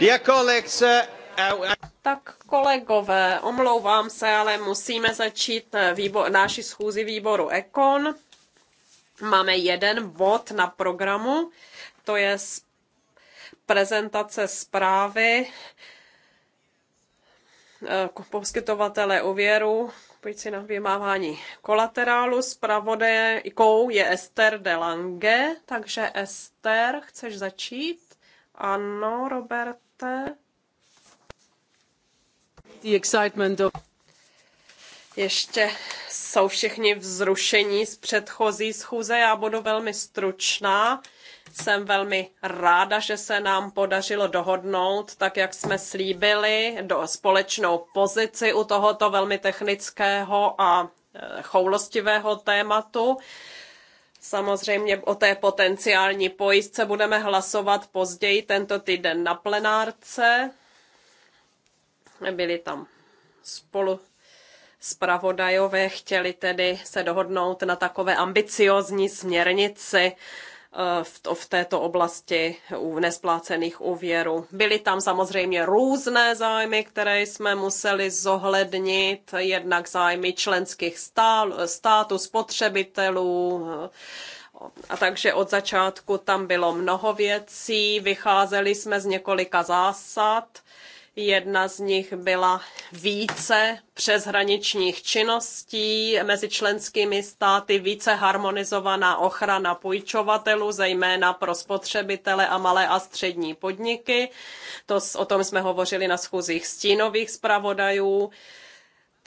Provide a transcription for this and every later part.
Uh, tak kolegové, omlouvám se, ale musíme začít eh, výbor, naši schůzi výboru Ekon. Máme jeden bod na programu, to je prezentace zprávy eh, poskytovatele úvěru kupující na vymáhání kolaterálu. zpravodajkou je Esther de Lange, takže Esther, chceš začít? Ano, Robert. The excitement of... Ještě jsou všichni vzrušení z předchozí schůze. Já budu velmi stručná. Jsem velmi ráda, že se nám podařilo dohodnout, tak jak jsme slíbili, do společnou pozici u tohoto velmi technického a e, choulostivého tématu. Samozřejmě o té potenciální pojistce budeme hlasovat později tento týden na plenárce. Byli tam spolu zpravodajové, chtěli tedy se dohodnout na takové ambiciozní směrnici Eh, v této oblasti u nesplácených úvěrů. Byly tam samozřejmě různé zájmy, které jsme museli zohlednit, jednak zájmy členských států, spotřebitelů, eh, a takže od začátku tam bylo mnoho věcí, vycházeli jsme z několika zásad, Jedna z nich byla více přeshraničních činností mezi členskými státy, více harmonizovaná ochrana půjčovatelů, zejména pro spotřebitele a malé a střední podniky. To, o tom jsme hovořili na schůzích stínových zpravodajů.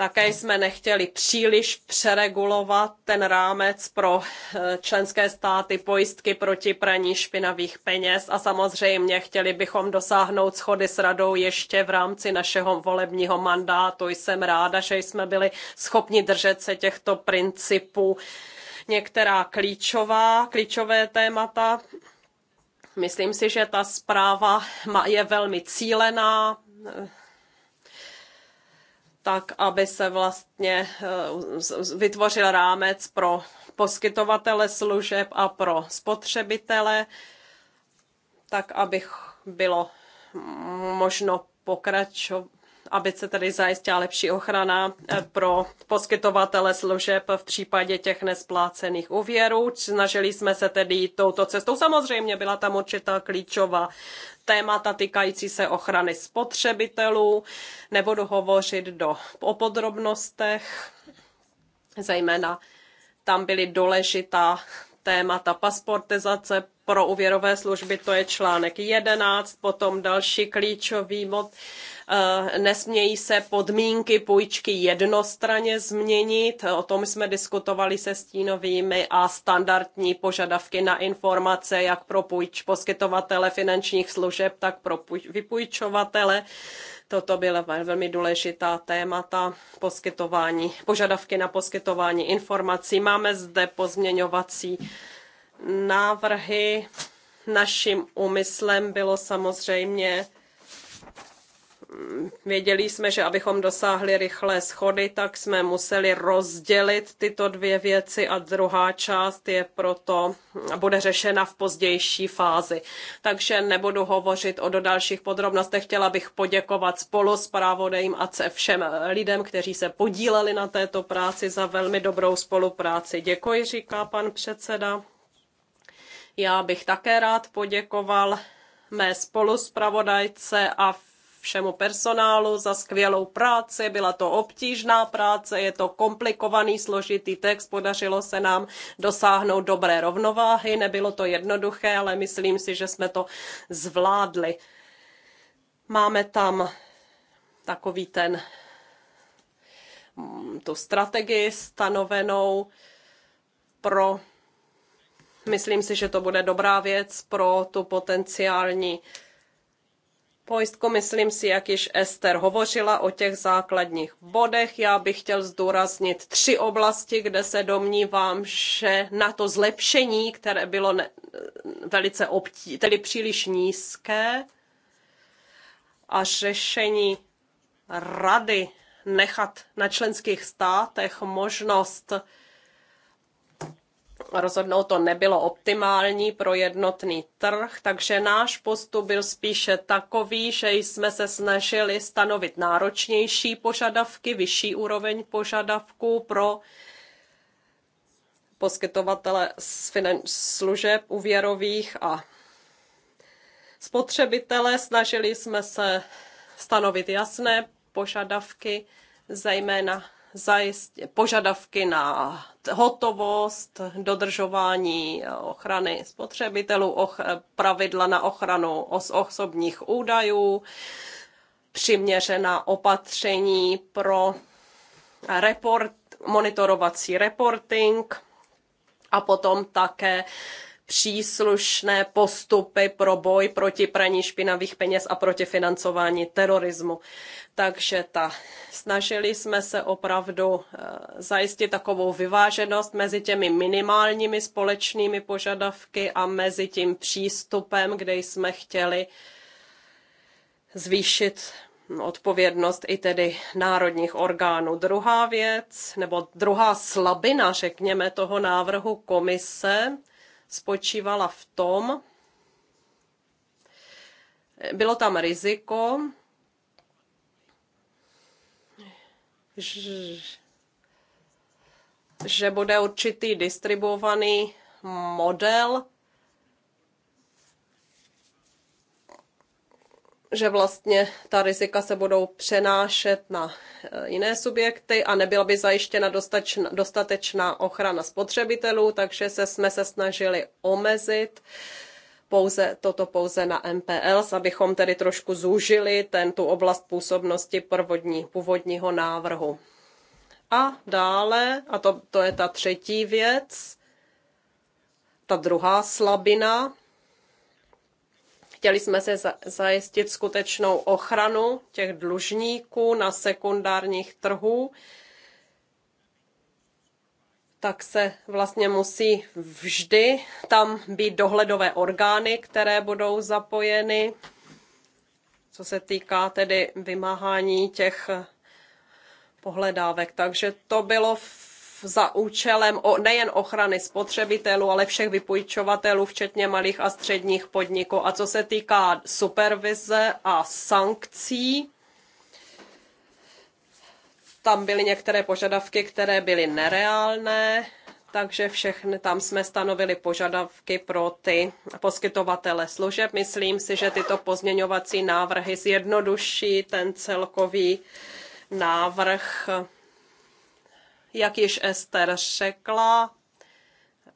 Také jsme nechtěli příliš přeregulovat ten rámec pro eh, členské státy pojistky proti praní špinavých peněz a samozřejmě chtěli bychom dosáhnout schody s radou ještě v rámci našeho volebního mandátu. Jsem ráda, že jsme byli schopni držet se těchto principů. Některá klíčová, klíčové témata. Myslím si, že ta zpráva je velmi cílená, eh, tak, aby se vlastně eh, vytvořil rámec pro poskytovatele služeb a pro spotřebitele, tak, aby bylo možno pokračovat aby se tedy zajistila lepší ochrana eh, pro poskytovatele služeb v případě těch nesplácených úvěrů. Snažili jsme se tedy touto cestou. Samozřejmě byla tam určitá klíčová témata týkající se ochrany spotřebitelů. Nebudu hovořit do, o podrobnostech, zejména tam byly důležitá témata pasportizace pro úvěrové služby, to je článek 11, potom další klíčový mod Eh, nesmějí se podmínky půjčky jednostranně změnit. O tom jsme diskutovali se stínovými a standardní požadavky na informace jak pro půjč, poskytovatele finančních služeb, tak pro půjč, vypůjčovatele. Toto byla velmi důležitá témata poskytování, požadavky na poskytování informací. Máme zde pozměňovací návrhy. Naším úmyslem bylo samozřejmě věděli jsme, že abychom dosáhli rychlé schody, tak jsme museli rozdělit tyto dvě věci a druhá část je proto bude řešena v pozdější fázi. Takže nebudu hovořit o dalších podrobnostech. Chtěla bych poděkovat spolu s a se všem lidem, kteří se podíleli na této práci za velmi dobrou spolupráci. Děkuji, říká pan předseda. Já bych také rád poděkoval mé spoluspravodajce a všemu personálu za skvělou práci. Byla to obtížná práce, je to komplikovaný, složitý text. Podařilo se nám dosáhnout dobré rovnováhy. Nebylo to jednoduché, ale myslím si, že jsme to zvládli. Máme tam takový ten mm, tu strategii stanovenou pro Myslím si, že to bude dobrá věc pro tu potenciální pojistku. Myslím si, jak již Ester hovořila o těch základních bodech. Já bych chtěl zdůraznit tři oblasti, kde se domnívám, že na to zlepšení, které bylo ne, velice obtí, tedy příliš nízké, a řešení rady nechat na členských státech možnost rozhodnout to nebylo optimální pro jednotný trh, takže náš postup byl spíše takový, že jsme se snažili stanovit náročnější požadavky, vyšší úroveň požadavků pro poskytovatele služeb úvěrových a spotřebitele. Snažili jsme se stanovit jasné požadavky, zejména zajistě, požadavky na hotovost, dodržování eh, ochrany spotřebitelů, och, eh, pravidla na ochranu os, osobních údajů, přiměřená opatření pro report, monitorovací reporting a potom také příslušné postupy pro boj proti praní špinavých peněz a proti financování terorismu. Takže ta, snažili jsme se opravdu eh, zajistit takovou vyváženost mezi těmi minimálními společnými požadavky a mezi tím přístupem, kde jsme chtěli zvýšit odpovědnost i tedy národních orgánů. Druhá věc, nebo druhá slabina, řekněme, toho návrhu komise, spočívala v tom, bylo tam riziko, že bude určitý distribuovaný model že vlastně ta rizika se budou přenášet na eh, jiné subjekty a nebyla by zajištěna dostatečná, dostatečná ochrana spotřebitelů, takže se, jsme se snažili omezit pouze toto pouze na MPLs, abychom tedy trošku zúžili ten, tu oblast působnosti prvodní, původního návrhu. A dále, a to, to je ta třetí věc, ta druhá slabina, Chtěli jsme se zajistit skutečnou ochranu těch dlužníků na sekundárních trhů tak se vlastně musí vždy tam být dohledové orgány, které budou zapojeny, co se týká tedy vymáhání těch pohledávek. Takže to bylo v za účelem o, nejen ochrany spotřebitelů, ale všech vypůjčovatelů, včetně malých a středních podniků. A co se týká supervize a sankcí, tam byly některé požadavky, které byly nereálné, takže všechny tam jsme stanovili požadavky pro ty poskytovatele služeb. Myslím si, že tyto pozměňovací návrhy zjednoduší ten celkový návrh jak již Ester řekla,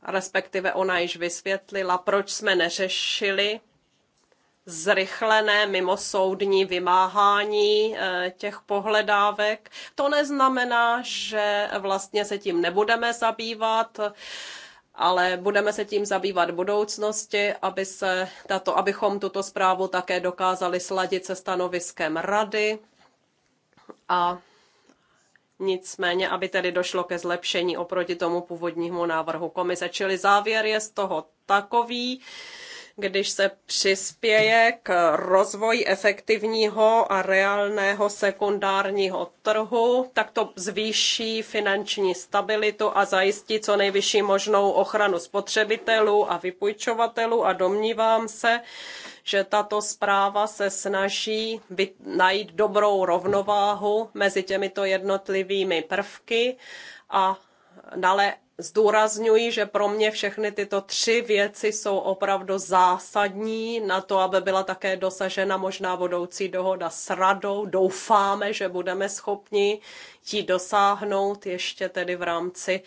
respektive ona již vysvětlila, proč jsme neřešili zrychlené mimosoudní vymáhání eh, těch pohledávek. To neznamená, že vlastně se tím nebudeme zabývat, ale budeme se tím zabývat v budoucnosti, aby se tato, abychom tuto zprávu také dokázali sladit se stanoviskem rady a Nicméně, aby tedy došlo ke zlepšení oproti tomu původnímu návrhu komise. Čili závěr je z toho takový, když se přispěje k rozvoji efektivního a reálného sekundárního trhu, tak to zvýší finanční stabilitu a zajistí co nejvyšší možnou ochranu spotřebitelů a vypůjčovatelů a domnívám se, že tato zpráva se snaží najít dobrou rovnováhu mezi těmito jednotlivými prvky a ale zdůrazňuji, že pro mě všechny tyto tři věci jsou opravdu zásadní na to, aby byla také dosažena možná budoucí dohoda s radou. Doufáme, že budeme schopni ji dosáhnout ještě tedy v rámci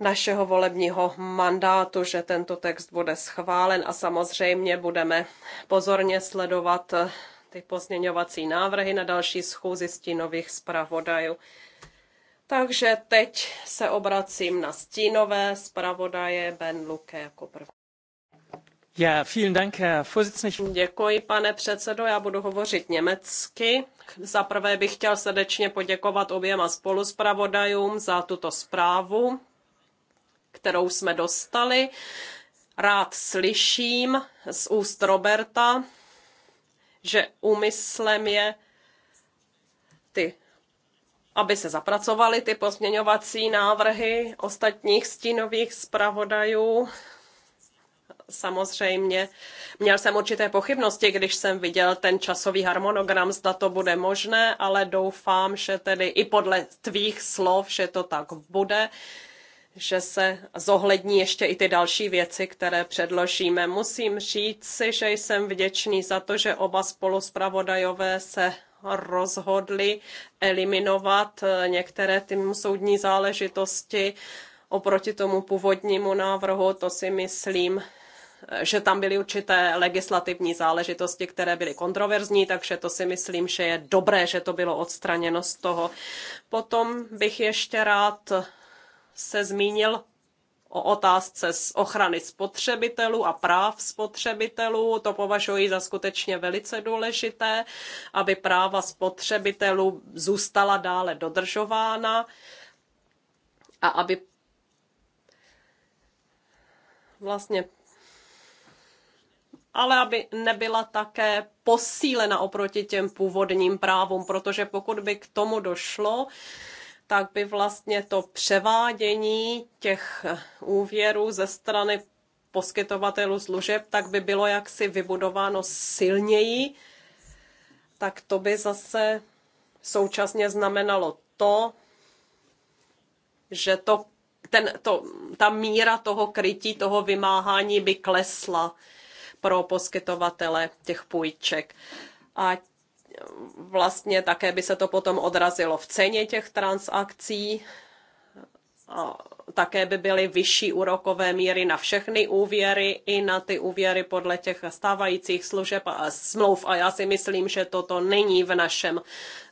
našeho volebního mandátu, že tento text bude schválen a samozřejmě budeme pozorně sledovat ty pozměňovací návrhy na další schůzi stínových zpravodajů. Takže teď se obracím na stínové zpravodaje Ben Luke jako první. Ja, vielen Dank, Herr Vorsitzender. Děkuji, pane předsedo. Já budu hovořit německy. Za prvé bych chtěl srdečně poděkovat oběma spoluspravodajům za tuto zprávu, kterou jsme dostali. Rád slyším z úst Roberta, že úmyslem je ty aby se zapracovaly ty pozměňovací návrhy ostatních stínových zpravodajů. Samozřejmě měl jsem určité pochybnosti, když jsem viděl ten časový harmonogram, zda to bude možné, ale doufám, že tedy i podle tvých slov, že to tak bude že se zohlední ještě i ty další věci, které předložíme. Musím říct si, že jsem vděčný za to, že oba spoluspravodajové se rozhodli eliminovat eh, některé ty soudní záležitosti oproti tomu původnímu návrhu. To si myslím, eh, že tam byly určité legislativní záležitosti, které byly kontroverzní, takže to si myslím, že je dobré, že to bylo odstraněno z toho. Potom bych ještě rád se zmínil o otázce z ochrany spotřebitelů a práv spotřebitelů. To považuji za skutečně velice důležité, aby práva spotřebitelů zůstala dále dodržována a aby vlastně ale aby nebyla také posílena oproti těm původním právům, protože pokud by k tomu došlo, tak by vlastně to převádění těch eh, úvěrů ze strany poskytovatelů služeb, tak by bylo jaksi vybudováno silněji, tak to by zase současně znamenalo to, že to, ten, to, ta míra toho krytí, toho vymáhání by klesla pro poskytovatele těch půjček. A vlastně také by se to potom odrazilo v ceně těch transakcí. A také by byly vyšší úrokové míry na všechny úvěry i na ty úvěry podle těch stávajících služeb a smlouv. A já si myslím, že toto není v našem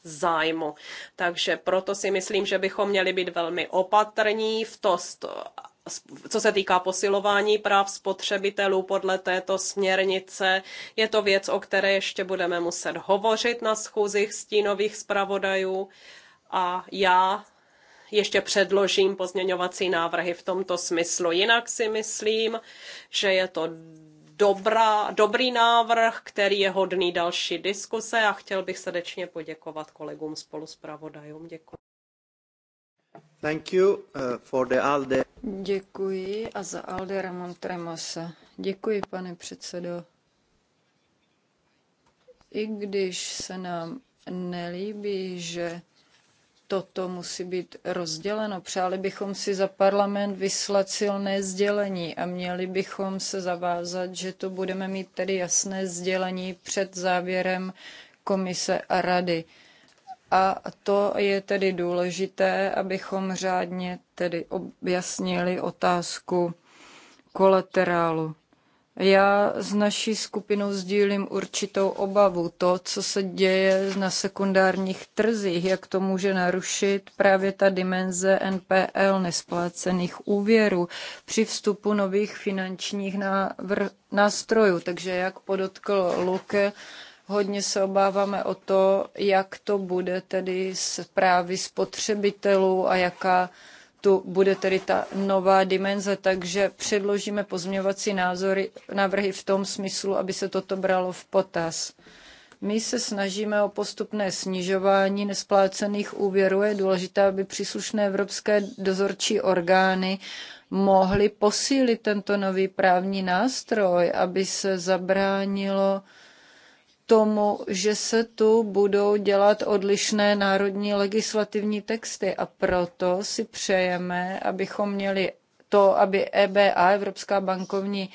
zájmu. Takže proto si myslím, že bychom měli být velmi opatrní v to, co se týká posilování práv spotřebitelů podle této směrnice, je to věc, o které ještě budeme muset hovořit na schůzích stínových zpravodajů a já ještě předložím pozměňovací návrhy v tomto smyslu. Jinak si myslím, že je to dobrá, dobrý návrh, který je hodný další diskuse a chtěl bych srdečně poděkovat kolegům spolu s pravodajům. Děkuji. Uh, Děkuji a za ALDE Ramon Tremosa. Děkuji, pane předsedo. I když se nám nelíbí, že toto musí být rozděleno. Přáli bychom si za parlament vyslat silné sdělení a měli bychom se zavázat, že to budeme mít tedy jasné sdělení před závěrem komise a rady. A to je tedy důležité, abychom řádně tedy objasnili otázku kolaterálu. Já s naší skupinou sdílím určitou obavu. To, co se děje na sekundárních trzích, jak to může narušit právě ta dimenze NPL, nesplácených úvěrů, při vstupu nových finančních nástrojů. Takže jak podotkl Luke, Hodně se obáváme o to, jak to bude tedy s právy spotřebitelů a jaká tu bude tedy ta nová dimenze, takže předložíme pozměňovací názory, návrhy v tom smyslu, aby se toto bralo v potaz. My se snažíme o postupné snižování nesplácených úvěrů. Je důležité, aby příslušné evropské dozorčí orgány mohly posílit tento nový právní nástroj, aby se zabránilo tomu, že se tu budou dělat odlišné národní legislativní texty a proto si přejeme, abychom měli to, aby EBA, Evropská bankovní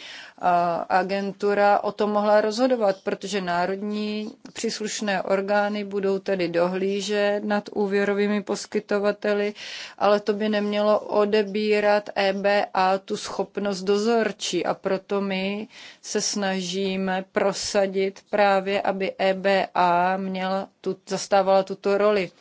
agentura, o tom mohla rozhodovat, protože národní příslušné orgány budou tedy dohlížet nad úvěrovými poskytovateli, ale to by nemělo odebírat EBA tu schopnost dozorčí a proto my se snažíme prosadit právě, aby EBA měla tu, zastávala tuto roli.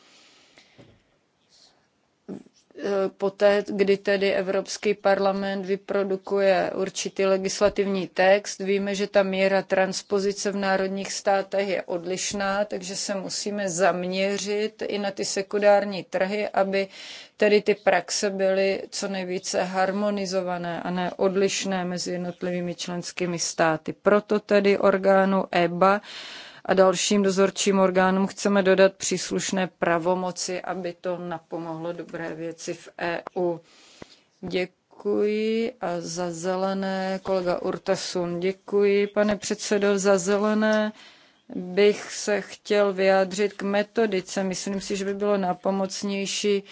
Eh, poté, kdy tedy Evropský parlament vyprodukuje určitý legislativní text, víme, že ta míra transpozice v národních státech je odlišná, takže se musíme zaměřit i na ty sekundární trhy, aby tedy ty praxe byly co nejvíce harmonizované a ne odlišné mezi jednotlivými členskými státy. Proto tedy orgánu EBA a dalším dozorčím orgánům chceme dodat příslušné pravomoci, aby to napomohlo dobré věci v EU. Děkuji a za zelené kolega Urtasun. Děkuji, pane předsedo, za zelené bych se chtěl vyjádřit k metodice. Myslím si, že by bylo napomocnější,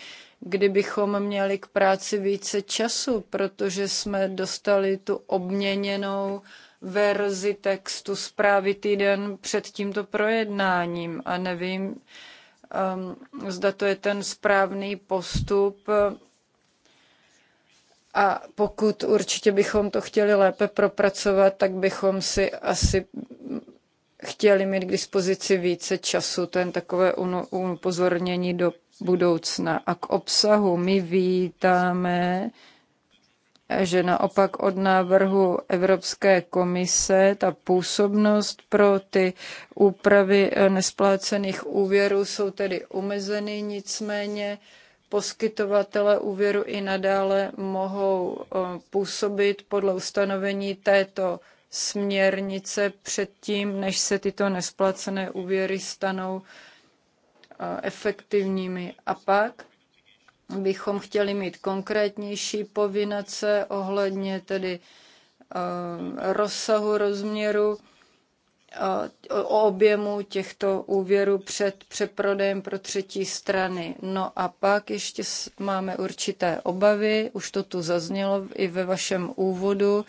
kdybychom měli k práci více času, protože jsme dostali tu obměněnou uh, verzi textu zprávy týden před tímto projednáním a nevím, um, zda to je ten správný postup. A pokud určitě bychom to chtěli lépe propracovat, tak bychom si asi chtěli mít k dispozici více času, to je takové upozornění do budoucna. A k obsahu my vítáme že naopak od návrhu Evropské komise ta působnost pro ty úpravy eh, nesplácených úvěrů jsou tedy omezeny, nicméně poskytovatele úvěru i nadále mohou eh, působit podle ustanovení této směrnice předtím, než se tyto nesplacené úvěry stanou eh, efektivními. A pak bychom chtěli mít konkrétnější povinace ohledně tedy eh, rozsahu, rozměru, eh, o objemu těchto úvěrů před přeprodejem pro třetí strany. No a pak ještě máme určité obavy, už to tu zaznělo i ve vašem úvodu,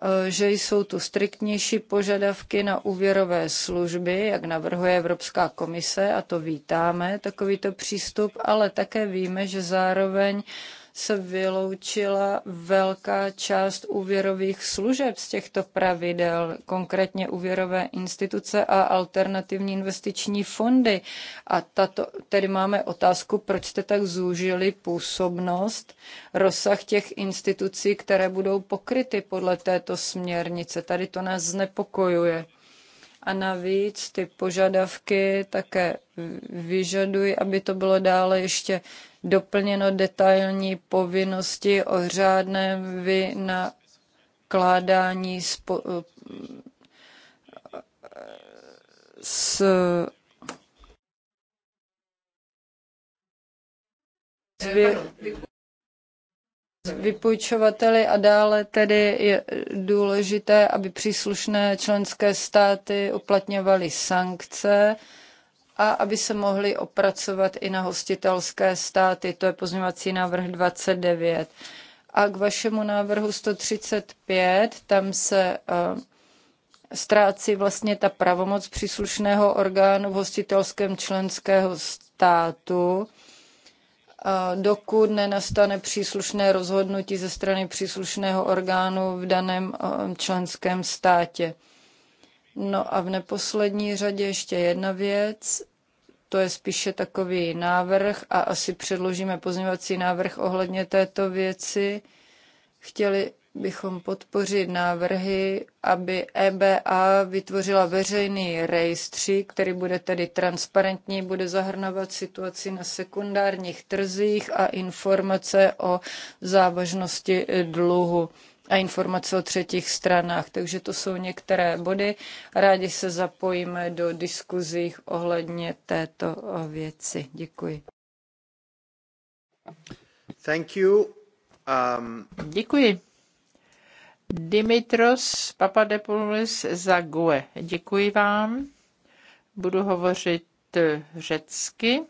Eh, že jsou tu striktnější požadavky na úvěrové služby, jak navrhuje Evropská komise, a to vítáme, takovýto přístup, ale také víme, že zároveň se vyloučila velká část úvěrových služeb z těchto pravidel, konkrétně úvěrové instituce a alternativní investiční fondy. A tato, tedy máme otázku, proč jste tak zúžili působnost, rozsah těch institucí, které budou pokryty podle této směrnice. Tady to nás znepokojuje. A navíc ty požadavky také vyžadují, aby to bylo dále ještě doplněno detailní povinnosti o řádném vynakládání spo, s vypůjčovateli a dále tedy je důležité, aby příslušné členské státy uplatňovaly sankce a aby se mohly opracovat i na hostitelské státy. To je pozměňovací návrh 29. A k vašemu návrhu 135, tam se eh, ztrácí vlastně ta pravomoc příslušného orgánu v hostitelském členského státu, eh, dokud nenastane příslušné rozhodnutí ze strany příslušného orgánu v daném eh, členském státě. No a v neposlední řadě ještě jedna věc, to je spíše takový návrh a asi předložíme pozměňovací návrh ohledně této věci. Chtěli bychom podpořit návrhy, aby EBA vytvořila veřejný rejstřík, který bude tedy transparentní, bude zahrnovat situaci na sekundárních trzích a informace o závažnosti dluhu a informace o třetích stranách. Takže to jsou některé body. Rádi se zapojíme do diskuzí ohledně této eh, věci. Děkuji. Thank you. Um... Děkuji. Dimitros Papadopoulos za GUE. Děkuji vám. Budu hovořit řecky.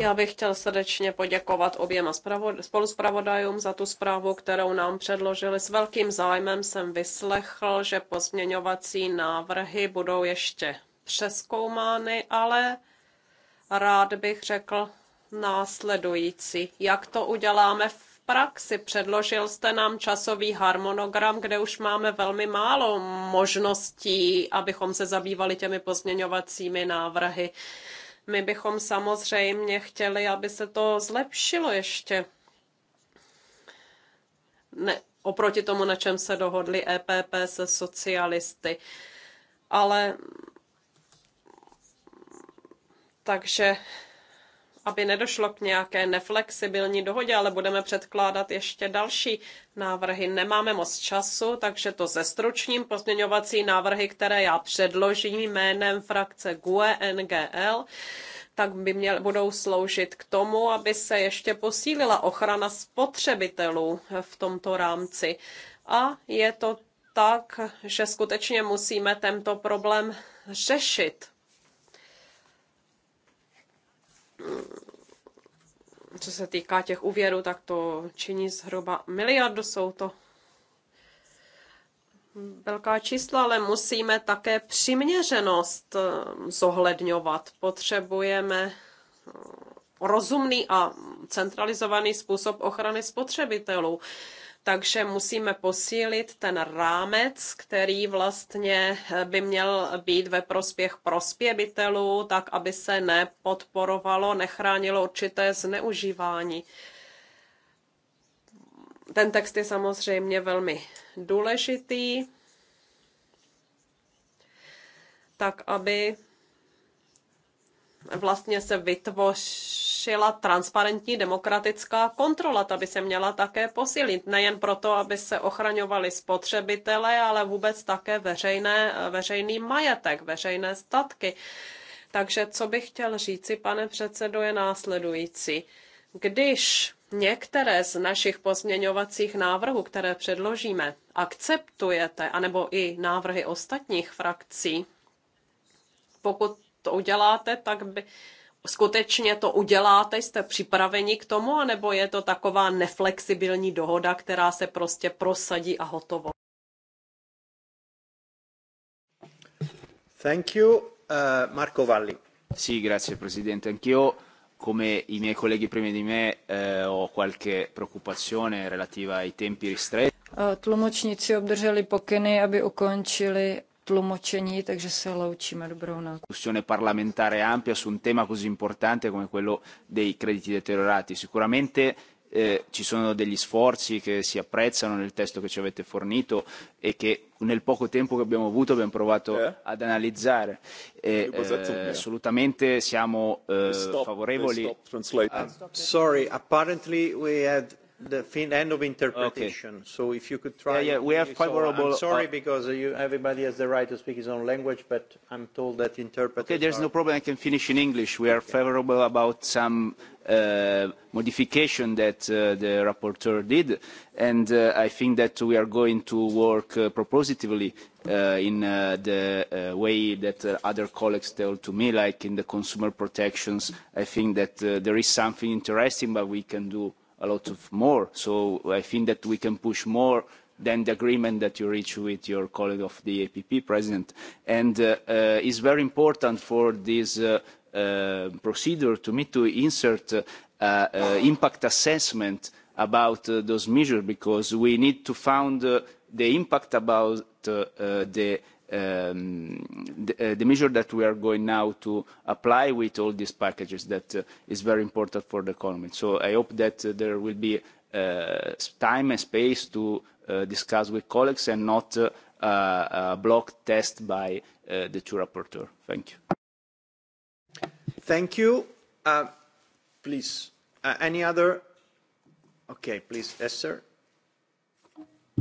Já bych chtěl srdečně poděkovat oběma spoluzpravodajům za tu zprávu, kterou nám předložili. S velkým zájmem jsem vyslechl, že pozměňovací návrhy budou ještě přeskoumány, ale rád bych řekl následující. Jak to uděláme v praxi? Předložil jste nám časový harmonogram, kde už máme velmi málo možností, abychom se zabývali těmi pozměňovacími návrhy. My bychom samozřejmě chtěli, aby se to zlepšilo ještě. Ne, oproti tomu, na čem se dohodli EPP se socialisty. Ale takže aby nedošlo k nějaké neflexibilní dohodě, ale budeme předkládat ještě další návrhy. Nemáme moc času, takže to ze stručním pozměňovací návrhy, které já předložím jménem frakce GUE NGL, tak by měl, budou sloužit k tomu, aby se ještě posílila ochrana spotřebitelů v tomto rámci. A je to tak, že skutečně musíme tento problém řešit co se týká těch úvěrů, tak to činí zhruba miliardu, jsou to velká čísla, ale musíme také přiměřenost eh, zohledňovat. Potřebujeme eh, rozumný a centralizovaný způsob ochrany spotřebitelů. Takže musíme posílit ten rámec, který vlastně by měl být ve prospěch prospěbitelů, tak aby se nepodporovalo, nechránilo určité zneužívání. Ten text je samozřejmě velmi důležitý, tak aby vlastně se vytvořil zlepšila transparentní demokratická kontrola. Ta by se měla také posílit, nejen proto, aby se ochraňovali spotřebitele, ale vůbec také veřejné, veřejný majetek, veřejné statky. Takže co bych chtěl říci, pane předsedo, je následující. Když některé z našich pozměňovacích návrhů, které předložíme, akceptujete, anebo i návrhy ostatních frakcí, pokud to uděláte, tak by, skutečně to uděláte, jste připraveni k tomu, anebo je to taková neflexibilní dohoda, která se prostě prosadí a hotovo? Thank you, uh, Marco Valli. Sì, grazie Presidente. Anch'io, come i miei colleghi prima di me, eh, ho qualche preoccupazione relativa ai tempi ristretti. Eh, Tlumočníci obdrželi pokyny, aby ukončili tlumočení, takže se loučíme. Dobrou noc. Discussione parlamentare ampia su un tema così importante come quello dei crediti deteriorati. Sicuramente eh, ci sono degli sforzi che si apprezzano nel testo che ci avete fornito e che nel poco tempo che abbiamo avuto abbiamo provato eh? ad analizzare. E, eh, assolutamente siamo eh, stop, favorevoli. Stop, uh, Sorry, apparently we had the fin end of interpretation. Okay. So if you could try. Yeah, yeah we have favorable. So I'm sorry uh, because you, everybody has the right to speak his own language, but I'm told that interpreters. Okay, there's no are... no problem. I can finish in English. We are okay. favorable about some uh, modification that uh, the rapporteur did, and uh, I think that we are going to work uh, propositively uh, in uh, the uh, way that uh, other colleagues told to me, like in the consumer protections. I think that uh, there is something interesting, but we can do a lot of more. So I think that we can push more than the agreement that you reach with your colleague of the APP president. And uh, uh, it's very important for this uh, uh, procedure to me to insert uh, uh, impact assessment about uh, those measures because we need to found uh, the impact about uh, uh, the um, the, uh, the measure that we are going now to apply with all these packages that uh, is very important for the economy. So I hope that uh, there will be uh, time and space to uh, discuss with colleagues and not uh, a block test by uh, the two rapporteurs. Thank you. Thank you. Uh, please, uh, any other? Okay, please, Esther. Yes,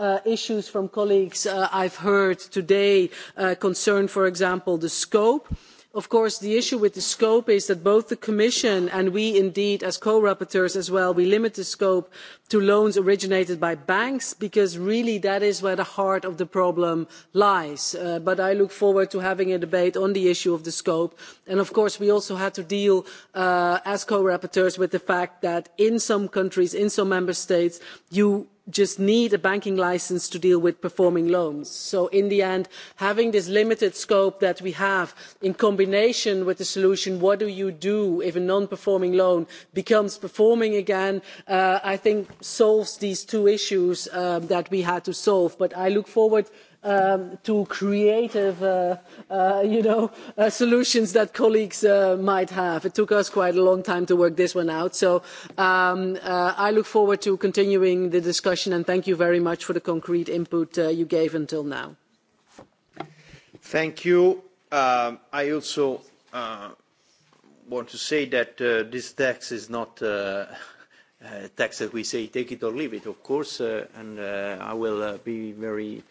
Uh, issues from colleagues uh, I've heard today uh, concern, for example, the scope. Of course, the issue with the scope is that both the Commission and we indeed as co-rapporteurs as well, we limit the scope to loans originated by banks because really that is where the heart of the problem lies. Uh, but I look forward to having a debate on the issue of the scope. And of course, we also had to deal uh, as co-rapporteurs with the fact that in some countries, in some member states, you just need a banking licence to deal with performing loans. So in the end, having this limited scope that we have in combination with the solution, what do you do if a non-performing loan becomes performing again? Uh, I think solves these two issues um, that we had to solve. But I look forward um, to creative, uh, uh, you know, uh, solutions that colleagues uh, might have. It took us quite a long time to work this one out. So um, uh, I look forward to continuing the discussion and thank you very much for the concrete input uh, you gave until now. Thank you. Um, I also want to say that this text is not Uh, text that we say take it or leave it, of course, uh, and uh, I will uh, be very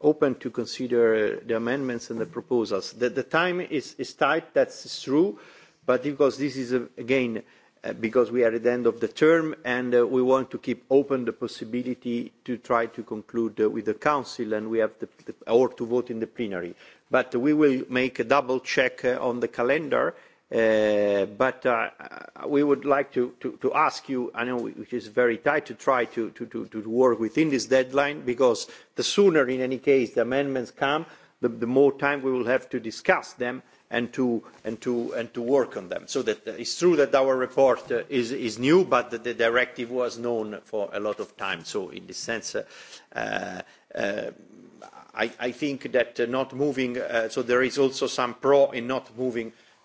open to consider uh, the amendments and the proposals. The, the time is, is tight, that's true, but because this is, a, uh, again, uh, because we are at the end of the term and uh, we want to keep open the possibility to try to conclude uh, with the Council and we have the, the, or to vote in the plenary. But we will make a double check uh, on the calendar Uh, but uh, we would like to, ask you, I know it is very tight to try to, work within this deadline, because the sooner, in any case, the amendments come, the, more time we will have to discuss them and to work on them. So that uh, it's true that our report is new, but the, directive was known for a lot of time. So in this sense, I, think that not moving. so there is also some pro in not moving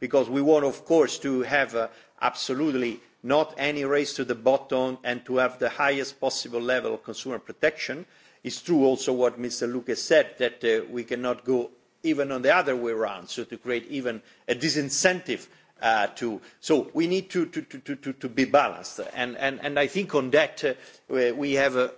because we want, of course, to have uh, absolutely not any race to the bottom and to have the highest possible level of consumer protection. It's true also what Mr. Lucas said, that uh, we cannot go even on the other way around, so to create even a disincentive uh, to. So we need to, to, to, to, to be balanced. And, and, and I think on that uh, we have uh,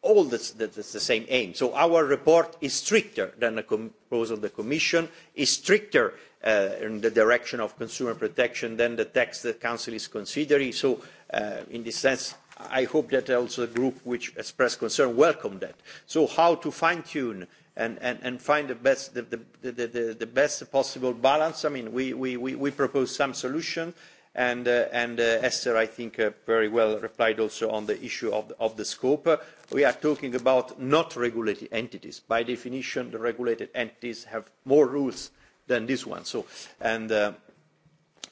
all this, this, the same aim. So our report is stricter than the proposal of the Commission, is stricter Uh, in the direction of consumer protection than the text the Council is considering. So uh, in this sense, I hope that also the group which expressed concern welcomed that. So how to fine-tune and, and, and find the best, the, the, the, the, the best possible balance? I mean, we, we, we, we propose some solution, and, uh, and uh, Esther, I think, uh, very well replied also on the issue of the, of the scope. We are talking about not regulated entities. By definition, the regulated entities have more rules than this one. So, and uh,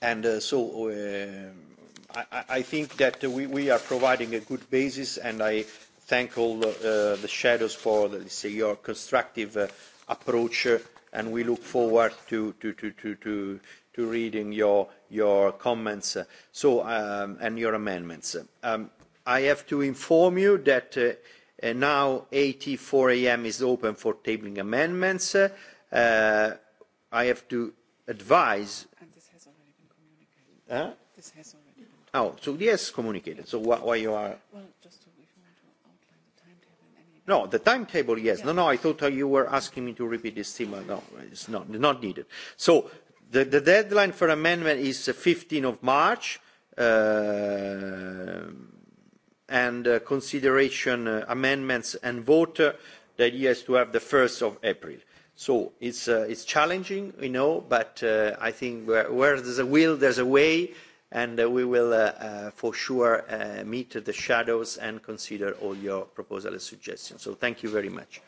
and uh, so uh, I, I think that we, we are providing a good basis, and I thank all uh, the shadows for the, let's say, your constructive uh, approach, uh, and we look forward to to to to. to to reading your your comments uh, so um, and your amendments. Um, I have to inform you that uh, uh, now 84 a.m. is open for tabling amendments. Uh, i have to advise. And this has already been communicated. Huh? This has already been. Told. Oh, so yes, communicated. So why, why you are? Well, just to, if you want to outline the timetable. In any no, the timetable, yes. Yeah. No, no. I thought uh, you were asking me to repeat this theme. No, it's not not needed. So the, the deadline for amendment is 15th of March. Uh, and uh, consideration uh, amendments and vote uh, the idea is to have the 1st of April. So it's, uh, it's challenging, we know, but uh, I think where, where there's a will, there's a way, and uh, we will uh, uh, for sure uh, meet the shadows and consider all your proposals and suggestions. So thank you very much.